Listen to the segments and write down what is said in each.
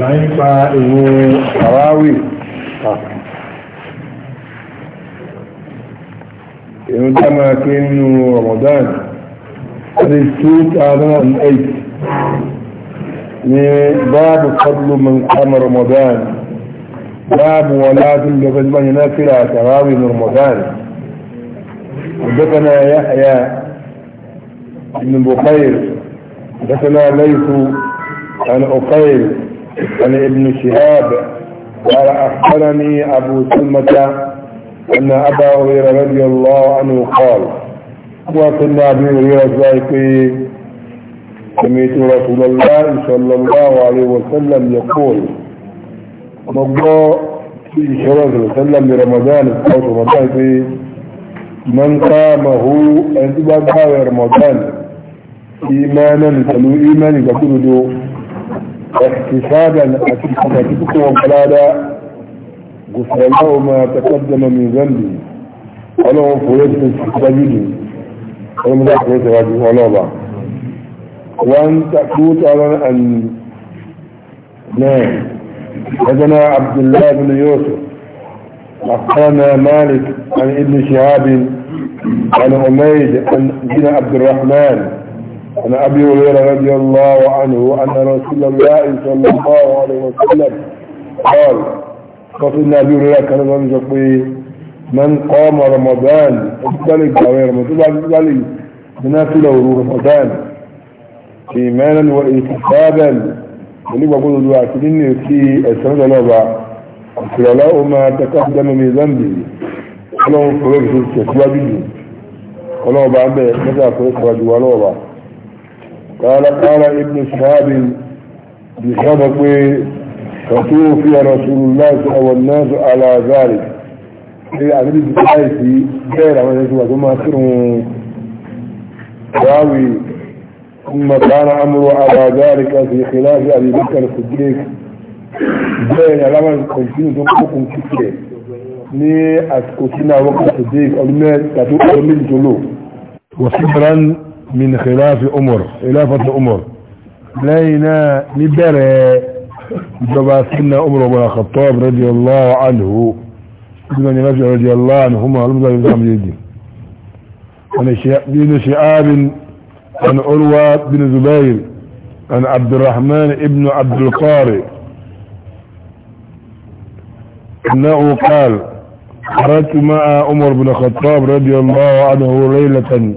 العين فائه رمضان باب فضل من قام رمضان باب ولازم لقد من ينافر تراوي من رمضان ودفن يحيى ابن بخير دفن ليث عن أقيل عن ابن شهاب قال أخبرني أبو سلمة أن أبا هريرة رضي الله عنه قال وكنا أبي هريرة زائقي سمعت رسول الله صلى الله عليه وسلم يقول مقبو في عليه وسلم برمضان الصوت ومضايقي من قامه أنت بقى رمضان إيمانا تلو إيماني تقول احتسابا حسناتكم وقلالا غفر الله ما تقدم من ذنبي ولا غفرت من سبيلي ولم يكن راجل ولوبا وان تأكوت على ان نعم حدنا عبد الله بن يوسف أخبرنا مالك عن ابن شهاب عن عميد عن ابن عبد الرحمن عن أبي هريرة رضي الله عنه أن رسول الله صلى الله عليه وسلم قال قصدنا أبي هريرة كان رجل من قام رمضان اختلق عليه رمضان اختلق له رمضان إيمانا وإتفابا اللي بقول دلوقتي إن في السنة الأربعة قال له ما تقدم من ذنبي قال له فرقت التسواجد قال له بعد متى فرقت الرجوع له قال قال ابن شهاب بسبب فتوفي رسول الله الناس على ذلك في أغرب الآية غير ما يسوى ثم أخرهم راوي ثم كان أمر على ذلك في خلاف أبي بكر الصديق بين لما كنتم تنقكم كثير ní àsìkò sínú àwọn kòtòdé ọdún mẹ́ta tó ọdún méjì tó lò wọ́n sí من خلاف امور خلافة امور لينا نبرى جبا سنة عمر بن الخطاب رضي الله عنه ابن رجل رضي الله عنهما المضى يزعم جيدين عن شعاب عن عروة بن زبير عن عبد الرحمن ابن عبد القارئ انه قال خرجت مع عمر بن الخطاب رضي الله عنه ليلة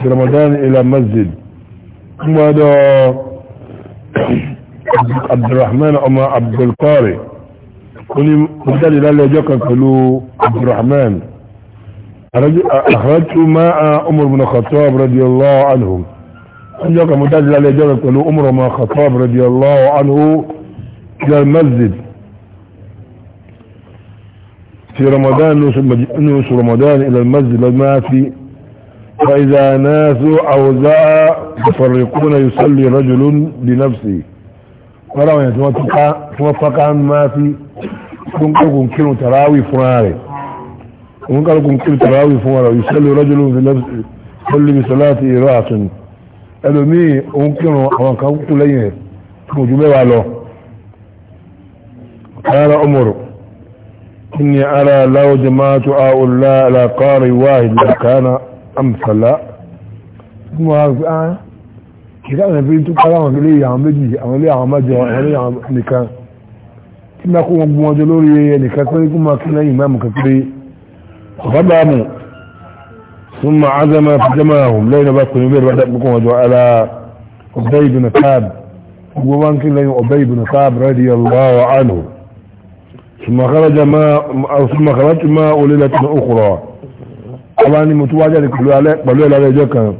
في رمضان الى مسجد ماذا عبد الرحمن اما عبد القاري كوني مدالي لا لجوكا كلو عبد الرحمن اخرجت ماء عمر بن الخطاب رضي الله عنه جوكا مدالي لا لجوكا كلو عمر بن الخطاب رضي الله عنه الى المسجد في رمضان نوصل رمضان الى المسجد ما في فإذا ناسوا أوزاء يفرقون يصلي رجل لنفسه ولو يتوفق توفق ما في كنكم كيلو تراوي فناري كنكم كيلو تراوي فناري يصلي رجل في نفسه كل بصلاته راس ẹlòmíì òun kírun àwọn kan kú lẹ́yìn ẹ̀ tó kò ju mẹ́wàá lọ ara ọmọrò kí ni ara láwọ́jọ amsala mo wá gbé ah kìtà àwọn ẹbí tó kára àwọn ilé àwọn méjì àwọn ilé àwọn mẹ́jọ àwọn ilé àwọn nìkan tí máa kó wọn gbọ́n ọjọ́ lórí ẹnìkan pé kó máa kí lẹ́yìn máàmù kékeré ọ̀gábàámu ثم عزم فجمعهم لين بكم بير بدأ بكم وجوا على أبي بن كعب وان كان لين أبي بن كعب رضي الله عنه ثم خرج ما ثم خرج ما أوليلة أخرى ọba ni mo tún wá jáde pẹ̀lú ẹ̀ lálẹ́ ẹjọ́ kan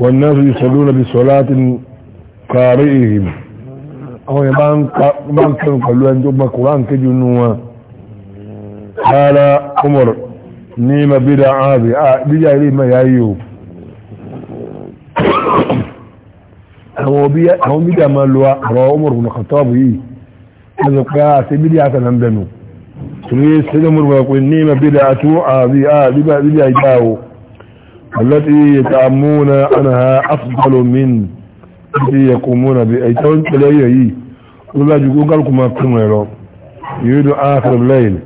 wọn náà fi sọlú nàbí sọlá ti kàrí ìhìn àwọn yẹn bá ń kẹrù pẹ̀lú ẹni tó gba Kùránì kéjì nù wọn kára Umar ní mabida áàbì bíjà ilé ìmọ̀ ìyá yìí o àwọn bíjà máa lo ọ̀rọ̀ Umar bin Khattab yìí ẹ̀sọ̀ pé àti bíjà àtàlà ń bẹ̀nu تريد سلم ويقول نيمة بدعة عاذية بدعة جاو التي يتأمون أنها أفضل من التي يقومون بأيتون تليه ولا يقول لكم أكتم يلو يريد آخر الليل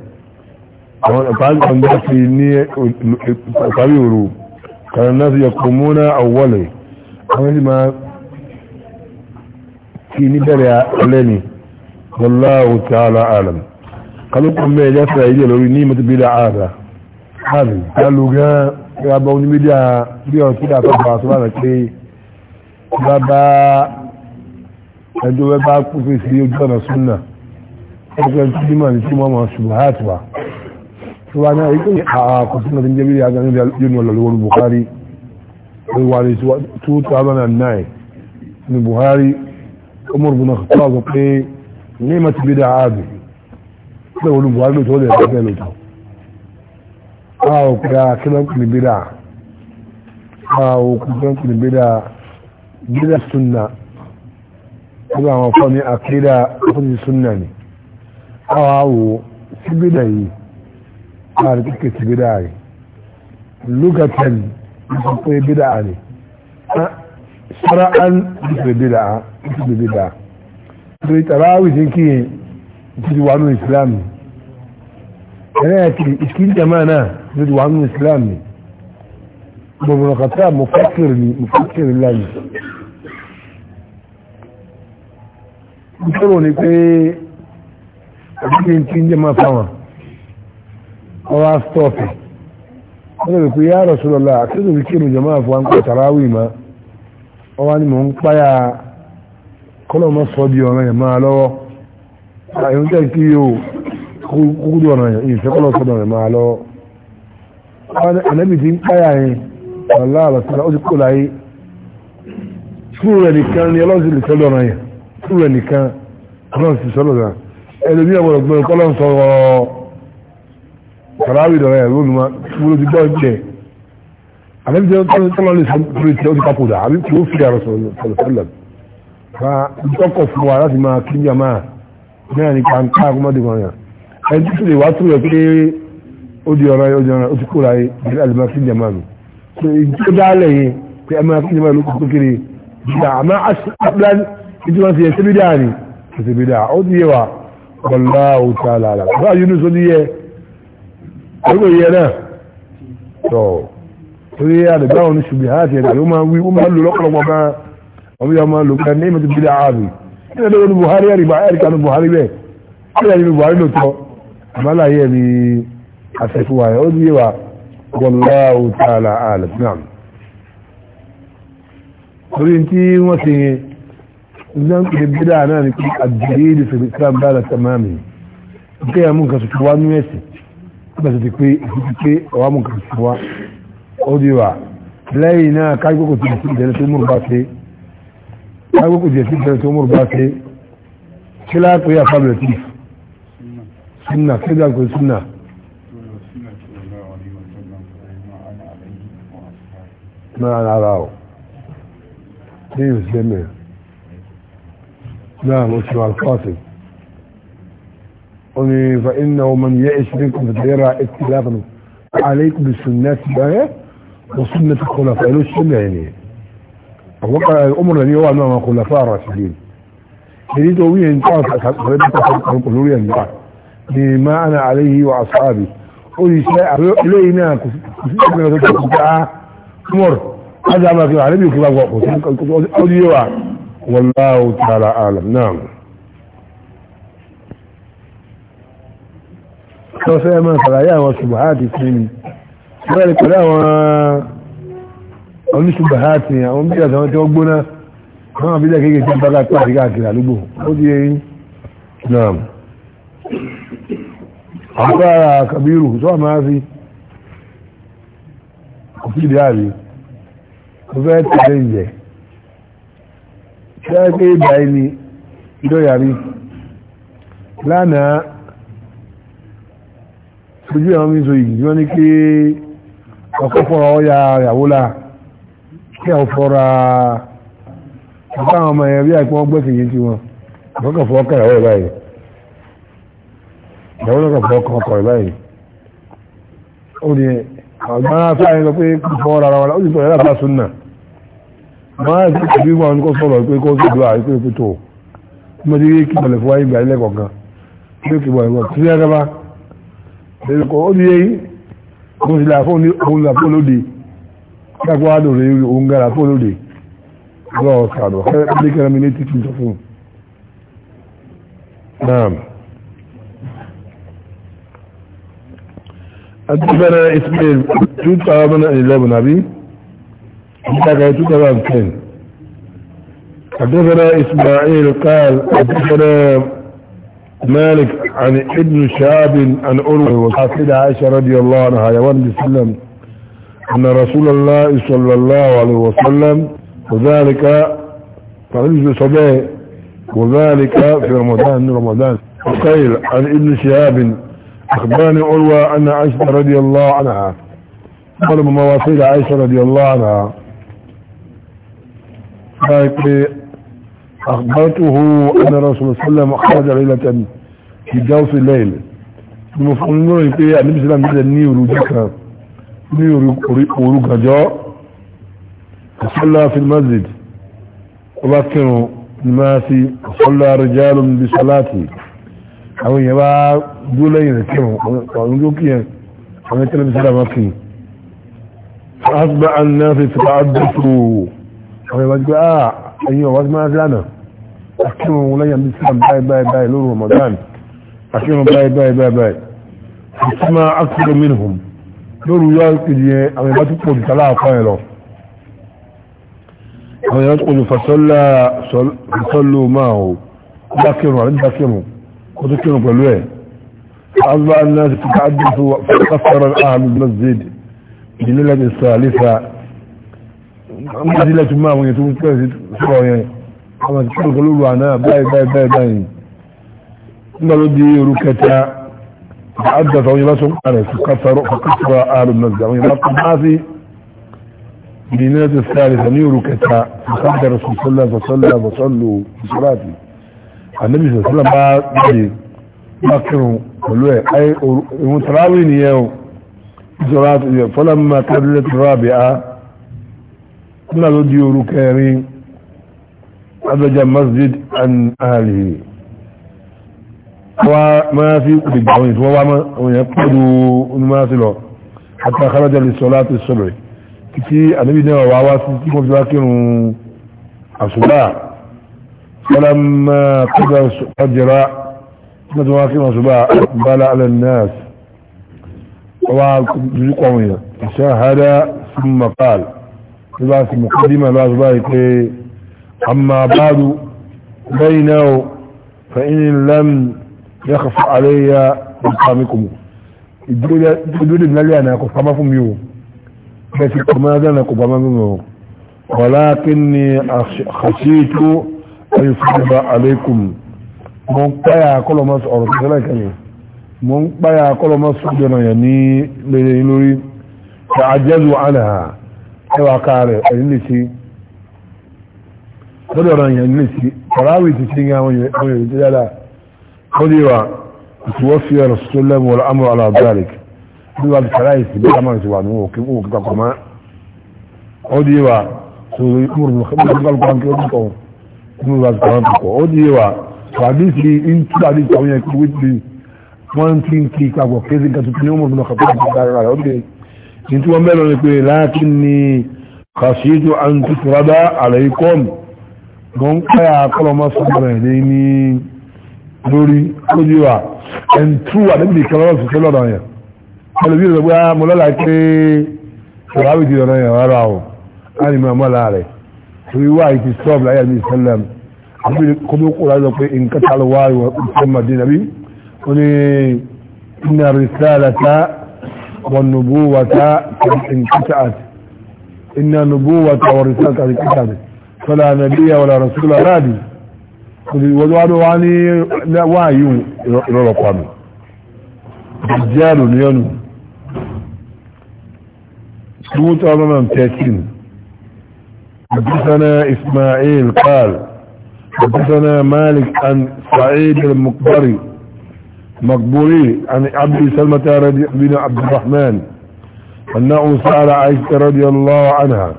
فعلت أن في نية طبيعه كان الناس يقومون أولي أولي ما في نبرع لني والله تعالى أعلم kálukú mẹ́ẹ̀ lẹ́fẹ̀ẹ́ ilé lórí ní ìmọ̀tí bídà ààrẹ ààrẹ kálù gan ìyàbọ̀ ní bídà bí ọ̀tí dà tọ́jú àti wà pé bá bá ẹjọ́ bá pèsè sí ojú ọ̀nà súnà ẹgbẹ́ tí dímọ̀ ní tí wọ́n mọ̀ ṣùgbọ́n àti wà tí wọ́n náà ikú àkọ́ sínú ti ń jẹ́ bídà gan yóò lọ lọ́wọ́ Bukhari wà ní 2009 ní Bukhari Umar bin Khattab pé ní ìmọ̀tí bídà ààrẹ pé olùbùhárí lòtọ́ lè bẹ́ẹ̀ lòtọ́ a ò pé akínọ́kù ní bídà a ò pé akínọ́kù ní bídà bídà súnà nígbà àwọn fọ́ ní àkídà fúnni súnà ni a wà wò sí bídà yìí a rí kíkẹ́ sí bídà yìí lugatan nípa pé bídà ni sọ́rọ̀ án nípa bídà nípa bídà nítorí tàbáwì sí ti wà nù ìsìlámù ẹlẹ́yàkì ìsìkìjàmá náà ló ti wà nù ìsìlámù gbogbo kàtà mọ̀fákìrì ni mọ̀fákìrì láyé ìṣòro ni pé ọdún tí ń jẹ́ máa fáwọn ọwá stọ́ọ̀fì wọ́n lè pé yá Rasulullah àtúntò bí kí ìrìnjọ máa fún àǹkọ̀ tàràwì ma ọwá ni mò ń páyà kọ́lọ̀ mọ́ sọ́ di ọ̀rọ̀ yẹn máa lọ́wọ́ àyùn jẹ́ kí o kúkúrú ọ̀nà ìfẹ́kọ́lọ́ sọ́dọ̀ rẹ̀ máa lọ ànẹ́bì tí ń páyà yẹn ọ̀lá àlọ́sílẹ̀ ó ti kó láyé fún rẹ̀ nìkan ni ọlọ́sìn lè sọ́dọ̀ ọ̀nà yẹn fún rẹ̀ nìkan ọlọ́sìn sọ́dọ̀ ọ̀nà ẹlòmí ọ̀gbọ̀n ọ̀gbọ̀n kọ́lọ́ sọ kàràwì dọ̀rọ̀ ẹ̀ lónìí ma wúlò ti gbọ́ jẹ́ ànẹ́bì tí wọ́n tọ́lọ́ lè sọ pé tí ó ti papòdà àbí tí ó fi àrọ̀ sọ̀rọ̀ sọ̀rọ̀ sọ̀rọ̀ náà ní kàńká akọ́mọ́dégbọ̀n yàn ẹni tó lè wá tó yẹ pé ó di ọ̀rọ̀ yẹn ó di ọ̀rọ̀ ó ti kóra yẹn bí alimọ̀ sí jẹ̀mọ́ mi pé ìjọ dálẹ̀ yẹn pé ẹ̀mọ́ sí jẹ̀mọ́ ló kó kéré ìgbà àmọ́ àṣìṣàpẹ́lẹ́ ìjọ wọn ti yẹ síbi dáa ni síbi dáa ó ti yẹ wa wọlá òtí àlàlà bá yúnú sódí yẹ ẹgbẹ́ yẹ náà tọ̀ torí àdìgbà wọn ní ṣùgbọ́n àti ẹ̀dà ló máa wí ó máa lò lọ́pọ̀lọpọ̀ gan ọmọ yẹn máa lò gan ní ìmọ̀ ti bí dáa ààbì ilẹ̀ lọ́wọ́ ní Buhari ẹ̀rìgbà ẹ̀rìkà ní Buhari bẹ́ẹ̀ ọ̀rẹ́ ní Buhari ló tọ́ àmàlàyé ẹ̀mí àṣẹfúwa ẹ̀ ó ní wa wallahu ta'ala a'lam náà torí tí wọ́n ti zan pè bídà náà ní kí àdìrí ní fèrè islam bá lọ́tà máa mi kí ẹ̀ mú nǹkan tuntun wá ní ẹ̀sìn nígbà tó ti pé ìfúti pé ọwá mú nǹkan tuntun wá ó ní wa lẹ́yìn náà kájú kòkòtò ìdẹ́lẹ́ tó agbó kò jẹ́ sí ìbẹ̀rẹ̀ tó mọ̀rọ̀ bá ṣe kí láàpẹ́ àfàbẹ̀rẹ̀ tí súnà kí láàpẹ́ àgbẹ̀ súnà náà rárá o ní ìrìnsẹ̀ mẹ́rin náà mo ṣe wà lọ́sẹ̀ oni fa inna man ya'ish minkum fa yara ikhtilafan alaykum bi sunnati ba'a wa sunnati khulafa'i al-shami'in àkọ́kọ́ ọmọ rẹ̀ ní ọwà náà kò lọ fáàrà sí lè èyí tó wíyẹ ń tọ́ àṣàkọ̀rẹ́ bí kọ́kọ́ kò lórí ẹ̀ nípa ni máa ana àléyìí wa àṣàbì ah, wallahu ta'ala alam náà. sọ fẹ́ máa sàlàyé àwọn ṣùgbọ́n àti sinmi wọ́n rẹ̀ pẹ̀lú àwọn oníṣùgbà àti àwọn bí àtàwọn tí wọ́n gbóná àwọn àbílẹ̀ kéèkéé tí bá pàdé káàkiri àdúgbò ó di eyín náà àpára kàbírù tó àmà sí kò sí ìdí àrí kò fẹ́ tẹ̀lé ìyẹ̀ ṣe é pé ìgbà ẹni ìdọ́yàrí lánàá ojú àwọn mi sọ ìgbìyàn ní pé ọkọ̀ fọ́ra ọya ìyàwó láà kí àwọn fọ́ra ọ̀pá àwọn ọmọ ẹ̀rí àìpọ́ gbẹ́sẹ̀ yìí tí wọn ọ̀kọ̀ fọ́ ọkọ̀ ìyàwó ìbáyìí ìyàwó ọkọ̀ fọ́ ọkọ̀ ọkọ̀ ìbáyìí ó ní àwọn afẹ́ àyẹ̀kọ́ pé kí fọ́ ara wọn ó sì sọ̀rọ̀ láti sún náà máa ń sọ bí wọn kó sọ̀rọ̀ pé kó sì dúrà pé kó tó mo ti rí kí bọ̀lẹ̀ fún wáyé ìgbàlẹ̀ kọ̀ọ̀kan pé kí bọ̀lẹ̀ kọ̀ọ̀kan sí ẹgbẹ́ bá ó ti yé mo sì là fóònù lòdì dákọ̀ wá lòrè òun gara fún olóde lọ́wọ́ sàdọ̀ kẹ́lẹ́ kẹ́lẹ́ mi ní títí sọ fún naam adúbẹ̀rẹ̀ ismail 2011 àbí ìtàkà 2010 adúbẹ̀rẹ̀ ismail kal adúbẹ̀rẹ̀ مالك عن ابن شهاب عن أروى وقافل عائشة رضي الله عنها يوان بسلم أن رسول الله صلى الله عليه وسلم وذلك فعلم صباه وذلك في رمضان من رمضان وقيل عن ابن شهاب أخبرني أروى أن عائشة رضي الله عنها من مواصيل عائشة رضي الله عنها طيب، أخبرته أن رسول الله صلى الله عليه وسلم خرج ليلة في جوف الليل المفهوم يقول أن نبسل من النيل وذكره ní òru gànjọ́ ìṣọ́lá fi masjid ó bá kírun ní máa sí ìṣọ́lá rẹjálùm bí sọ́láàtì àwọn èèyàn bá dúró lẹ́yìn rẹ̀ kírun àwọn tó kíyàn àwọn tẹ́lẹ̀ bí sọ́lá máa kí فأصبح الناس يتعدفوا àwọn ìwájú pé àà ẹ̀yìn ọ̀wá sí máa sí àná akírun lẹ́yìn àmì islam báyìí báyìí báyìí lórí Ramadan akírun báyìí báyìí báyìí báyìí lórí yọ ìpìlì yẹn àwọn ìbá tó pòjù tálà àkọ́ ẹ̀ lọ àwọn ìbá tó pòjù fàṣọ́lá sọ́lù máa ò dákẹrùn àti dákẹrùn kó tó kẹrùn pẹ̀lú ẹ̀ أربع الناس تتعدد فكفر أهل المسجد بليلة الثالثة منزلة ما وين تقول سواء يعني أما تقول قلوب أنا باي باي باي باي قالوا دي ركتا فحدث عن على أنس فكسر فكسر أهل النزع عن لقب ماذي بنادي الثالثة نيرو كتا فقد رسول صلى الله عليه وسلم وصلوا بصلاتي النبي صلى الله عليه وسلم بعد بكروا قالوا أي متراوين يوم بصلاتي فلما كانت الرابعة قلنا له ديورو كريم أدج مسجد عن أهله وما في بالدعوين وما في له حتى خرج للصلاة الصبح كتي النبي نوى وعواسي كيف لكن الصباح فلما قدر الجراء ندوى كما صباح بلى على الناس وقومنا شاهد ثم قال لباس مقدمة لباس بايك أما بعد بينه فإن لم يخف علي مقامكم ìdúró ní lálẹ́ àná kò pamá fún mi o bẹ́ẹ̀sì kò máa dáná kò pamá fún mi o walakinni khashitu an yufriba alaykum mo ń páyà kọ́lọ̀ máa ọ̀rọ̀ tó tẹ́lẹ̀ kẹ́lẹ̀ mo ń páyà kọ́lọ̀ máa sọ jọ̀nà yà ní lẹ́yìn lórí ta àjẹ́lu àná ẹwà kárẹ̀ ẹ̀yìn lè ṣe lọ́dọ̀ ọ̀rọ̀ yà lè ṣe tàràwì ti ṣe ń ga àwọn yòó tó yára قولي وتوفي رسول الله والأمر على ذلك قولي والكلايس بكما سوانه وكبه كتاكما قولي وتوفي رسول الله nínú láti kọ́ ọ̀pọ̀ ó di wa tàbísí ìtúdàdí tàwọn yẹn kí wípé wọ́n ti ń kí ìkàgbọ̀ kéèsì kan tuntun ní ọmọ ìbìnà kàpọ̀ ìbìnà dára rẹ̀ ó dé ní tí wọ́n bẹ̀rẹ̀ pé láti ní kàṣíjú àǹtí tùrádá àlẹ́ ikọ́ mi wọ́n ń pẹ́ àkọlọmọ sọ́dọ̀ rẹ̀ ní lórí lójú wa ẹn tú wà níbi ìkẹlọ́rọ̀ sí lọ́dọ̀ yẹn ẹlòmí ìrọ̀gbé amọ̀lọ́lá pé ah, ìwáwí ti lọ́dọ̀ yẹn rárá o a ní máa mọ́lá rẹ̀ torí wà ìtì sọ́ọ̀bù láyé àmì ìsẹ́lẹ̀m àbí kọ́mí kó rájọ pé nǹkan tá lọ wáyé wọ ìfẹ́ màdé nàbí ó ní iná rìsáàlàtà wọn nùbú wàtà kàǹkàtà àti iná nùbú wàtà wọn rìsáàlàtà àti fọlá nàbíyà wàlà rọ̀sùlà ráàdì wọ́dọ́wọ́dọ́ wá ní wáyí ìrọ̀rọ̀pàmù jẹ́rù ní ọ̀nà 2013 حدثنا إسماعيل قال حدثنا مالك عن سعيد المقبري مقبوري عن عبد سلمة بن عبد الرحمن أنه سأل عائشة رضي الله عنها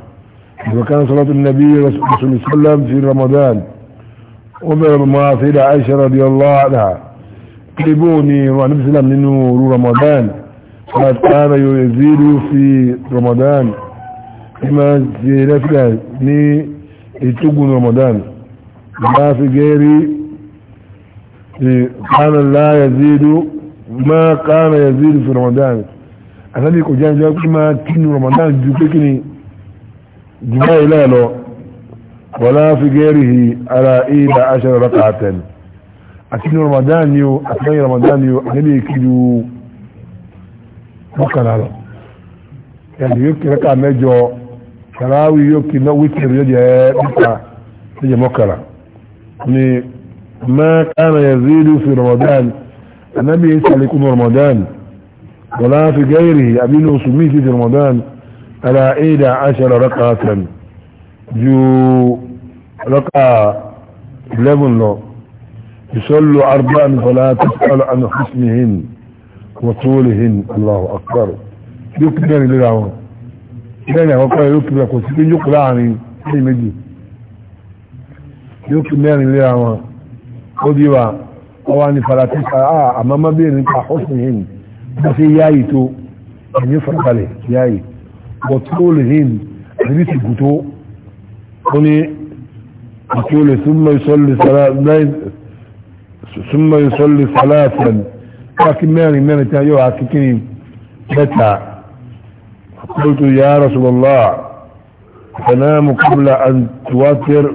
كان صلاة النبي صلى الله عليه وسلم في رمضان عمر بن معاصر عائشة رضي الله عنها قلبوني وعن نبي سلام ننو رمضان قد كان يزيد في رمضان كما زيرتنا ني يتقون رمضان ما في غيري كان لا يزيد ما كان يزيد في رمضان أنا بيكو جان جاكو ما كين رمضان جوكي كني جمعي لا لو ولا في غيره على إيد عشر ركعة أكيد رمضان يو أثناء رمضان يو أهلي كيلو مكان هذا يعني يوكي ركعة مجو كراوي يوكي نو ويتر يجي بكا مكان يعني ما كان يزيد في رمضان النبي يسأل يكون رمضان ولا في غيره أبينه سميه في رمضان على إيد عشر ركعة ju ركعة 11 لو يصلوا أربعا فلا تسأل عن حسنهن وطولهن الله أكبر يكبر للعوان لأنه وقال يكبر كسكين يقرأ عني أي مدي يكبر للعوان قدوا أواني فلا تسأل آه أما ما بين انت حسنهن بس يايتو أن يفرق عليه يايت وطولهن حديث الكتو قني يقول ثم يصلي صلاة ثم يصلي صلاة لكن ماني يعني- ماني يعني تهيو عككي متى قلت يا رسول الله تنام قبل أن توتر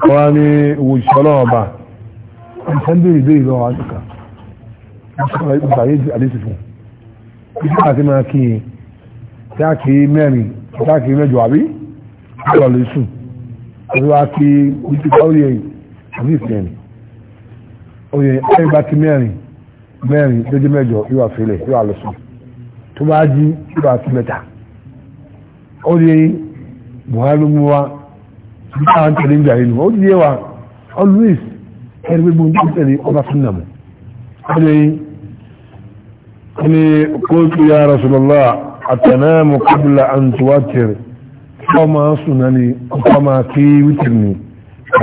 قواني وشلابة الحمد لله لو عندك بعيد عليه تفهم كيف حاتمها كي تاكي ماني تاكي مجوع بيه lọ lè sùn kí wípé oyè isi ìfẹ́ni oyè ẹ̀yìn ti mẹ́rin mẹ́rin lójú mẹ́jọ yóò wà yóò wà tó bá jí yóò wà mẹ́ta oyè buhari mú wa báwọn tẹ̀lé ń yìí nù ó yé wa always ẹni gbogbo ń tó tẹ̀lé ọba fún nàmú oyè ẹni kóòtù ya ọmọ suna ni ọmọ kí wítìr ni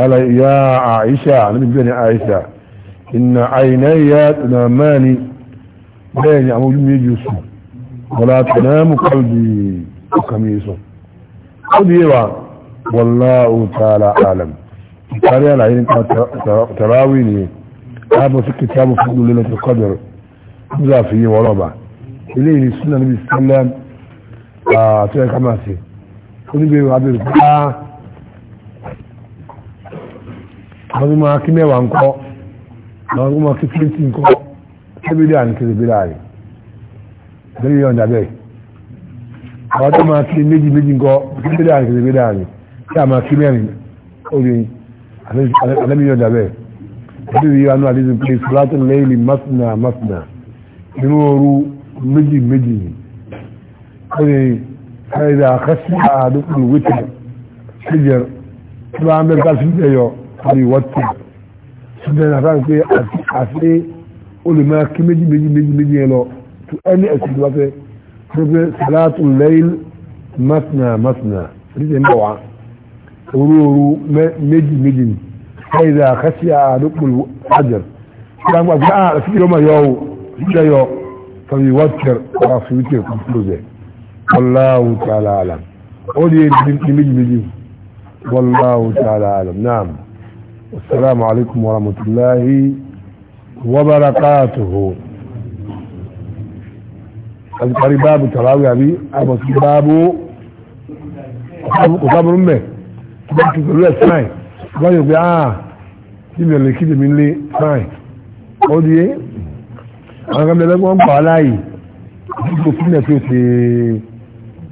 ala ya aisha níbi bẹ́ẹ̀ ni aisha ina aina ya tuna mani bẹ́ẹ̀ ni àwọn ojú méjì sùn wọ́la tana mu kalbi ọkàmí sùn ó di yẹwa wallahu ta'ala alam ìtàrí àlàyé nípa tàràwì ni ààbò sí kìtàbù fún ìlú lẹ́tọ̀ kọ́dọ̀rọ̀ nígbà fi yí wọ́lọ́ba ilé ìrìn suna níbi sálẹ́m àti ẹ̀ka máa ṣe oníbèrè wa bèrè bá ah, àwọn tó máa kí mẹ́wàá ń kọ́ àwọn tó máa kí fíntì ń kọ́ kébìlì àníkèrè bèrè àrè bẹ́ẹ̀ yọ̀ ǹdà bẹ́ẹ̀ àwọn tó máa kí méjì méjì ń kọ́ kébìlì àníkèrè bèrè àrè kí a máa mẹ́rin obìnrin àlẹ́bí yọ̀ ǹdà bẹ́ẹ̀ bẹ́ẹ̀ yọ̀ ànú àdéhùn pé sùlátì lẹ́yìn masina masina nínú ooru méjì méjì obìnrin. فإذا خشي أحدكم الوتر حجر طبعا عندنا قال في أيوه يوتر سيدنا فان في أسئلة قولي ما كمجي مجي مجي مجي لو تؤني أسئلة صلاة الليل مثنى مثنى ريزي مبوعة ورورو مجي مجي فإذا خشي أحدكم الحجر كان بقى في يوم يو في يوم فبيوتر وفي وتر كنت له زي والله تعالى أعلم قولي نمج مجي والله تعالى أعلم نعم والسلام عليكم ورحمة الله وبركاته القري باب التراوي أبي أبو باب قصاب رمي تبقى تقول له اسمعي قال يقول آه كده اللي كده من لي اسمعي قولي أنا قبل لك وانقع علي كنت فينا شو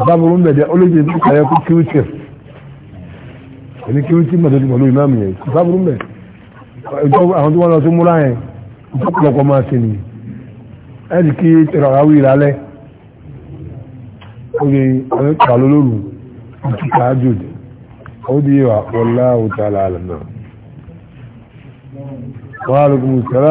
ọ̀sáàbùrún bẹ̀jẹ̀ olóòjì tó kàyẹ kú kí ó tẹ̀ ẹni kí ó tí mọ̀ lórí pẹ̀lú ìmáàmù yẹn ọ̀sáàbùrún bẹ̀ àwọn tó wọ́n lọ sí múra yẹn ìtọ́pọ̀lọpọ̀ máa ṣe nìyí ẹni kí tẹ̀rọ̀ráwì ìrálẹ̀ oye àwọn ìkàlọ́ lóru ìtú káájò dé ó di wà wọlá òtà àlàlà náà wọ́n á lókun sẹ́rà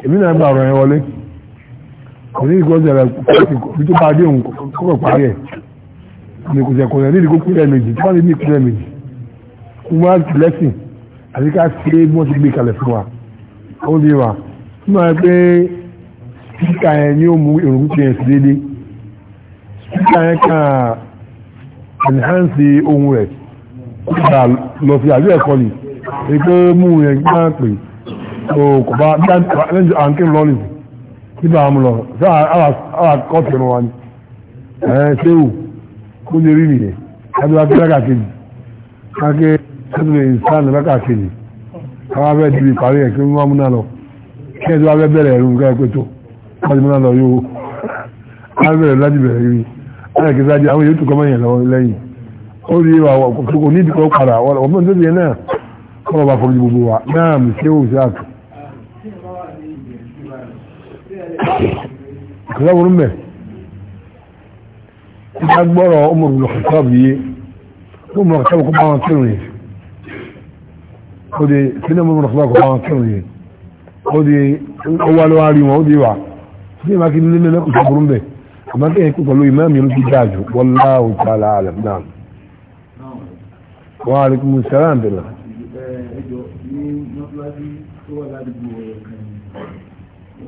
èmi náà gba ọ̀rọ̀ yẹn wọlé kò ní ìgbọ́ jẹ̀rẹ̀ kí tó bá dé òun kọ́kọ̀ parí ẹ̀ ní kò jẹ́ ní ìdíkó kúrẹ́ méjì tó bá ní ní kúrẹ́ méjì kó wá àti ká ṣe bí wọ́n ti gbé kalẹ̀ fún wa ó di wa tí máa pé spíkà yẹn ni ó mú ìròyìn tó yẹn sí déédéé spíkà yẹn kan enhance ohun rẹ̀ kó gbà lọ sí àbí ẹ̀kọ́ ni èyí pé mú yẹn gbá pè é so kò bá bí a ń kí lọ nìyí nígbà àmú lọ sọ àwọn akọ́tì ẹnu wa ni ẹ̀ ṣéwù kó lè rí nìyẹn ẹbí wa kíláka kejì káké sẹ́tùlẹ̀ ìsàn lẹ́ka kejì káwá fẹ́ di ìparí ẹ̀ kí wọ́n múná lọ kí ẹ̀dùn wa fẹ́ bẹ̀rẹ̀ ẹ̀rù nǹkan ẹ̀pẹ́ tó wọ́n ti múná lọ yóò wọ́n bẹ̀rẹ̀ láti bẹ̀rẹ̀ rí wọ́n yẹ kí sáájú àwọn yóò tún kọ́ mọ́yìn lọ́wọ́ lẹ́yìn ó rí wa kò ní ìdíkọ̀ padà wọ́n mọ̀ nítorí yẹn náà kọ́ ìkọlá wọn mẹ ìgbà gbọrọ ọmọ òbí lọkọtà bìí wọn mọ ọkọtà kó bá wọn kírun yìí ó di sílẹ̀ mọ ọkọtà kó bá wọn kírun yìí ó di ọwọ́ alẹ́ wa rí wọn ó di wà bí ìmá kí ní lẹ́nu tó burú mbẹ̀ àmọ́ kí ẹ̀kọ́ pẹ̀lú ìmá mi ló ti dáa jù wallahu ta'ala alam náà wa alaikum salaam bẹ̀rẹ̀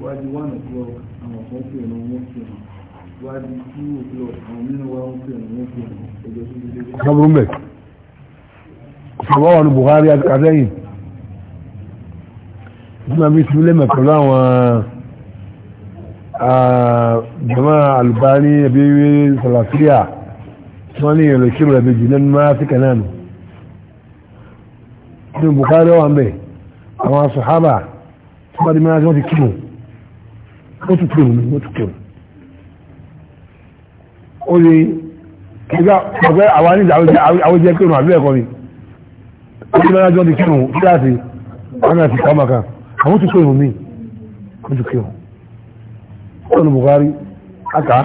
wájú one o'clock àwọn kan pè ní wọn pè ní wájú two o'clock àwọn mìíràn wá wọn pè ní wọn pè ní ẹjọ́ tó ti dé. sábúrú mẹ sábà wà ní Buhari àtẹyìn nígbà bíi ti lẹ́mẹ̀ pẹ̀lú àwọn jama Albani ẹbí Salafiya tí wọ́n ní ìrẹ̀lẹ̀ kí rẹ̀ méjì lẹ́nu máa fi kànáà nù ní Buhari wà ń àwọn sàhábà tí wọ́n ti mẹ́ra tí wọ́n ti kírun wọ́n tún kúrò ní wọ́n tún kúrò. ó lè ẹgbẹ́ ọ̀gbẹ́ àwọn aníjà àwọn jẹ́ kírun àbí ẹ̀kọ́ mi ó ti máa jọ di kírun kíláàsì wọn náà ti kọ́ màkà àwọn tún kúrò mí wọ́n tún kúrò. ó lè Buhari aka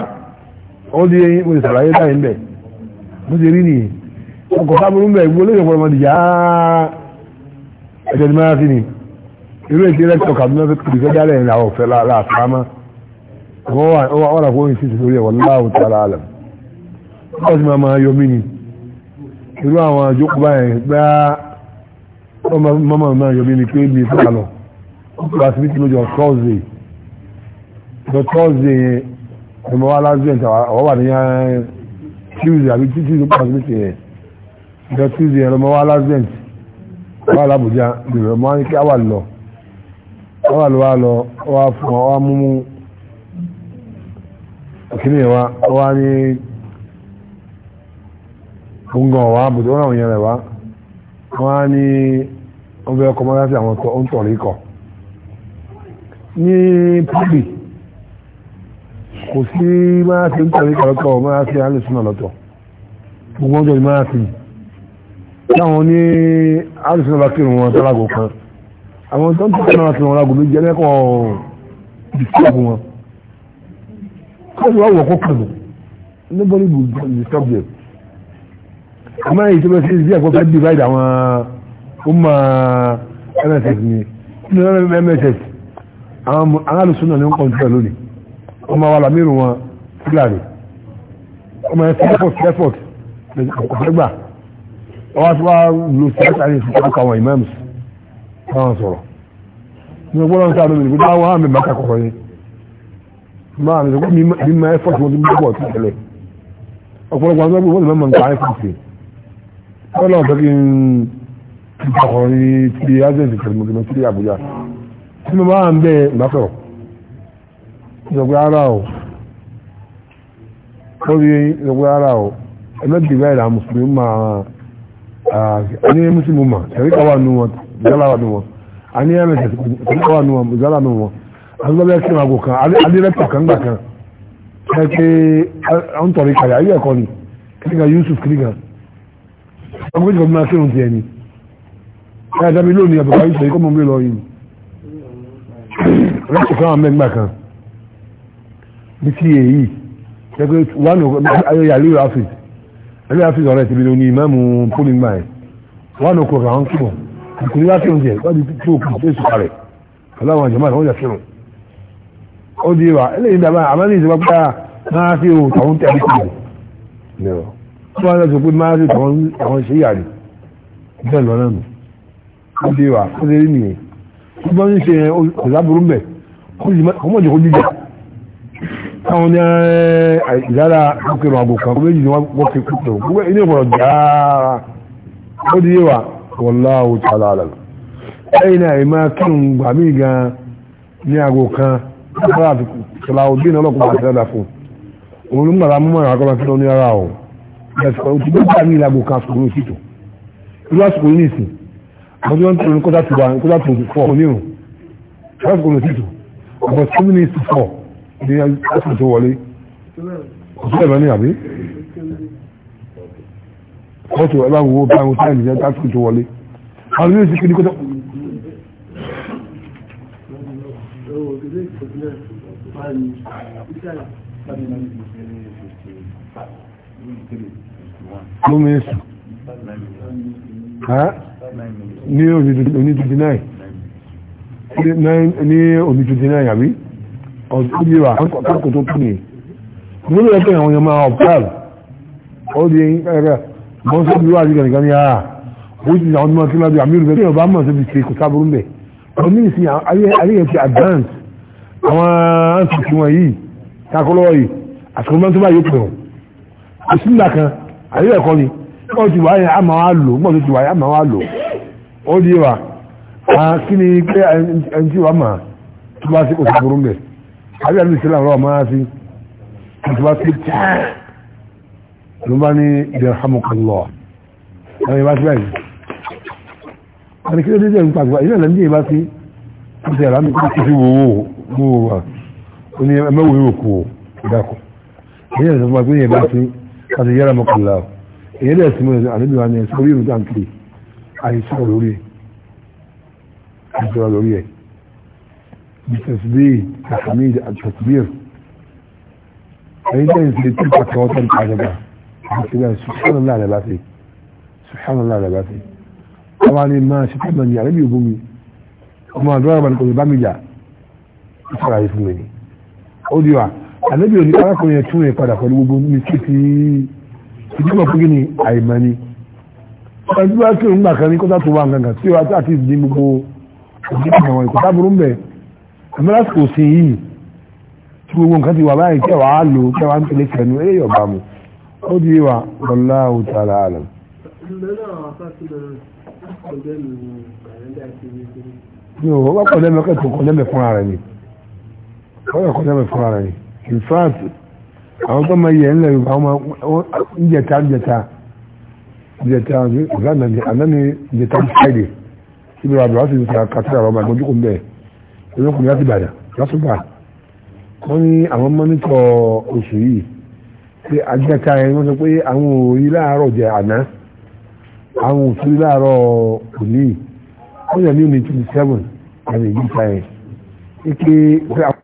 ó di eyín mo lè sàlàyé láyé ńbẹ mo ti rí nìyí ọkọ̀ sábúrú ńbẹ gbólóyè ọ̀pọ̀lọpọ̀ nìyá ẹ̀jẹ̀ ni máa fi nìyí irú èdè lẹ́tọ̀ kàdúnà tó kìrì fẹ́ dálẹ̀ ìlà ọ̀fẹ́ láàfáàmá wọ́n wà fún ìsìsì lórí ẹ̀wọ̀n láàwù tààrà alẹ̀ wọ́n sì máa yọ mí ni irú àwọn àjókòbá ẹ̀ gbá mọ́mọ́ náà yọ mí ni pé mi fún àlọ́ wọ́n sì ti lójọ tọ́ọ̀zì lọ tọ́ọ̀zì yẹn ẹ̀mọ́ wa lásìkò ìta ọ̀wọ́ wà ní tíwìzì àbí títí ló pàṣẹ mi ti yẹn lọ tíwìzì ẹ̀mọ́ wa lásìkò ìta wà lábùjá ìrọ̀mọ́ wa ní kí á wà lọ wà lọ wà lọ wà fún ọ wà múmú kíní wa wà ní gbọngàn wà bùdó náà yẹn rẹ ni wà ní wọn fẹ́ kọ́ mọ́lá sí àwọn tó ń tọ̀rí kọ̀ ní púbì kò sí máa ti ń tọ̀rí kọ̀ lọ́tọ̀ máa ti alùsùn náà lọ́tọ̀ gbogbo ọjọ́ ni máa ti táwọn ní alùsùn náà bá kírun wọn tálágò kan àwọn tó ń tẹ̀lé náà ti wọn ra gòmí jẹ́ lẹ́kọ̀ọ́ disturb wọn kọ́sì wá wọ̀ kọ́kọ́ lọ nobody will disturb them àmọ́ èyí tó bẹ́ẹ̀ sí ìdí ẹ̀kọ́ fẹ́ divide àwọn ọmọ mss ni nínú mss àwọn alùsùn náà ní ń kọ́ńtì rẹ̀ lónìí ọmọ wa làmírù wọn fúlàní ọmọ ẹ̀ sẹ́fọ̀t sẹ́fọ̀t ọ̀fẹ́gbà ọwọ́ tí wọ́n lò sí ẹ̀ka àwọn imams káwọn sọ̀rọ̀ ní ọgbọ́n náà sáré nìgbà wọn àmì mẹ́ta kọ̀ọ̀rọ̀ máa mi sọ pé mi máa fọ́ tí wọ́n ti mú bọ̀ tó tẹ̀lé ọ̀pọ̀lọpọ̀ àwọn ọmọ ìwọ́n mọ̀ nǹkan ẹ̀kọ́ sí ọ̀là ọ̀fẹ́ kí n ta kọ̀ọ̀rọ̀ ní ti jalawa ni wọn a ní ẹ̀rẹ̀ jalawa ni wọn jalawa ni wọn alọ́bẹ̀ kí wọn àgò kan adírẹ́tọ̀ kan gbà kan ẹ pé à ń tọ̀rí kàyà ayé ẹ̀kọ́ ni kíríkà Yusuf kíríkà ọmọ méjì kan máa kírun tiẹ̀ ni ẹ ẹ dábí lónìí àbùkà yìí sọ yìí kọ́ mọ́ mi lọ yìí rẹ́tọ̀ kan àmẹ́ gbà kan bí tí èyí ẹ pé wánù ayọ̀yà lórí àfíìsì ẹlẹ́yà àfíìsì ọ̀rẹ́ ti bí lónìí ìmáàmù pólígbà ẹ̀ wánù kò rà ń kí wọn kìkìrì wá kírun jẹ wọ́n ti tó kù fèsì parẹ̀ pẹ̀lú àwọn jẹ̀mọ́ àwọn jẹ̀kírun ó di wa eléyìí dàbà àmọ́ ní ìjọba pé máa fi hù tàwọn tẹ̀ ní kìlọ̀ nìrọ̀ tó máa sọ pé máa fi tàwọn ṣe yàrá bẹ́ẹ̀ lọ náà nù ó di wa ó di rí nìyẹn tó bá ń ṣe ìláburú mbẹ̀ kó mọ̀ jẹ́ kó jíjà táwọn ní ìdára kókèrò àgùkàn kó méjì ni wọ́n kókèrò kókèrò ilé wallahu ta'ala alam ẹ̀yìn náà ìmá kírun gbàmí gan ní aago kan lára Salaudeen ọlọ́kùnrin àti dáadáa fún òun ló ń gbàdá mọ́ àwọn akọ́lá kílọ̀ ní ara ọ̀ ẹ̀sùn ti gbé gbàmí ìlàgbò kan sùgbọ́n òsìtò irú àsìkò yìí nìsín àwọn tí wọ́n ń tẹ̀lé ní kọ́tà tìgbà kọ́tà tìgbà kọ́ọ̀tù ẹ̀báwọn owó báwọn jẹ́ tásìkò tó wọlé àwọn ilé ìsìnkú ní kọ́tà lómìnísù ní òní 29 ní òní 29 àbí ọdún yíwa akọ́kọ́ tó kí ní ìmúlẹ̀ ẹ̀kẹ́ àwọn ọmọ ọ̀pẹ́ ó di ẹgbẹ́ wọ́n sọ bí wà ní gànìgàn ní ara ó ti àwọn ọmọ kíláàbí àmìlú bẹ́ẹ̀ tí ọba mọ̀ sí ti kò sábúrú mbẹ̀ ọmọ ní ìsìn ayé ti advance àwọn ansìkì wọn yìí takọlọ́wọ́ yìí àsìkò mọ́ tó bá yóò pẹ̀rọ ìsìnlá kan ayé ẹ̀kọ́ ni ó ti wáyé àmà wá lò mọ́ tó ti wáyé àmà wá lò ó di wa kí ni pé ẹni tí wàá mà tó bá sí kò sábúrú mbẹ̀ ayé àmì ìsìnlá rọ̀ máa sí kò tó bá sí tẹ́ẹ̀ ló bá ní ìdẹ̀rẹ̀hámùkànlọ́ ẹ̀rẹ̀ bá ti báyìí àríkí ló dé jẹ́ ìpàgbà ilẹ̀ lẹ́ndí ìbá sí àti àrámi kí kí fi wòwò wòwò wà ó ní ẹmẹ́wò yóò kú ìdákọ̀ èyí ẹ̀sẹ̀ fún agbóyè bá sí àti yẹ́rẹ̀ mọ́kànlá èyí ẹ̀dẹ̀ sí mọ́lẹ̀ àríbí wa ní ẹ̀sẹ̀ orí ìrùn táǹkì àìsọ̀rọ̀ lórí ẹ̀ àìsọ̀rọ̀ lórí ẹ̀ bitasbi tahmid àti tasbir ẹ̀yìn tẹ̀yìn sí tí ìpàkọ́ tẹ̀ àtìgbà subhanallah alábàtì subhanallah alábàtì àwọn ni máa ṣe tẹ́lẹ̀ ní àrẹ́bí ògbó mi ọmọ àdúrà ọmọ nìkan bá mi jà ìfara yìí fún mi ni ó di wa àrẹ́bí òní arákùnrin yẹn tún yẹn padà pẹ̀lú gbogbo mi sí ti ìdímọ̀ fún kíni àìmọ́ ni ọjọ́ bá kí òun gbà kan ní kọ́tà tó wà nǹkan tí wàá àti ìdí gbogbo òdìdí àwọn ó di wà wallahu ta'ala alam. yóò wọ́n bá kọ́ lẹ́mẹ̀ kẹ́tù kọ́ lẹ́mẹ̀ fún ara ni wọ́n bá kọ́ lẹ́mẹ̀ fún ara ni in fact àwọn tó máa yẹ ńlẹ̀ yorùbá wọn jẹta jẹta jẹta ìgbàna ànáni jẹta friday síbi wà lọ́wọ́ sí ti sàkà sí àwọn ọmọ àgbọ̀njúkú bẹ́ẹ̀ olókùnrin láti bàdà lọ́sùnbà wọ́n ní àwọn mọ́nítọ̀ oṣù yìí pé àgbẹ̀ka yẹn wọ́n sọ pé àwọn òòrí láàárọ̀ jẹ àná àwọn òṣèré láàárọ̀ òní wọ́n yàn ní òní twenty seven àmì ìgbìta yẹn.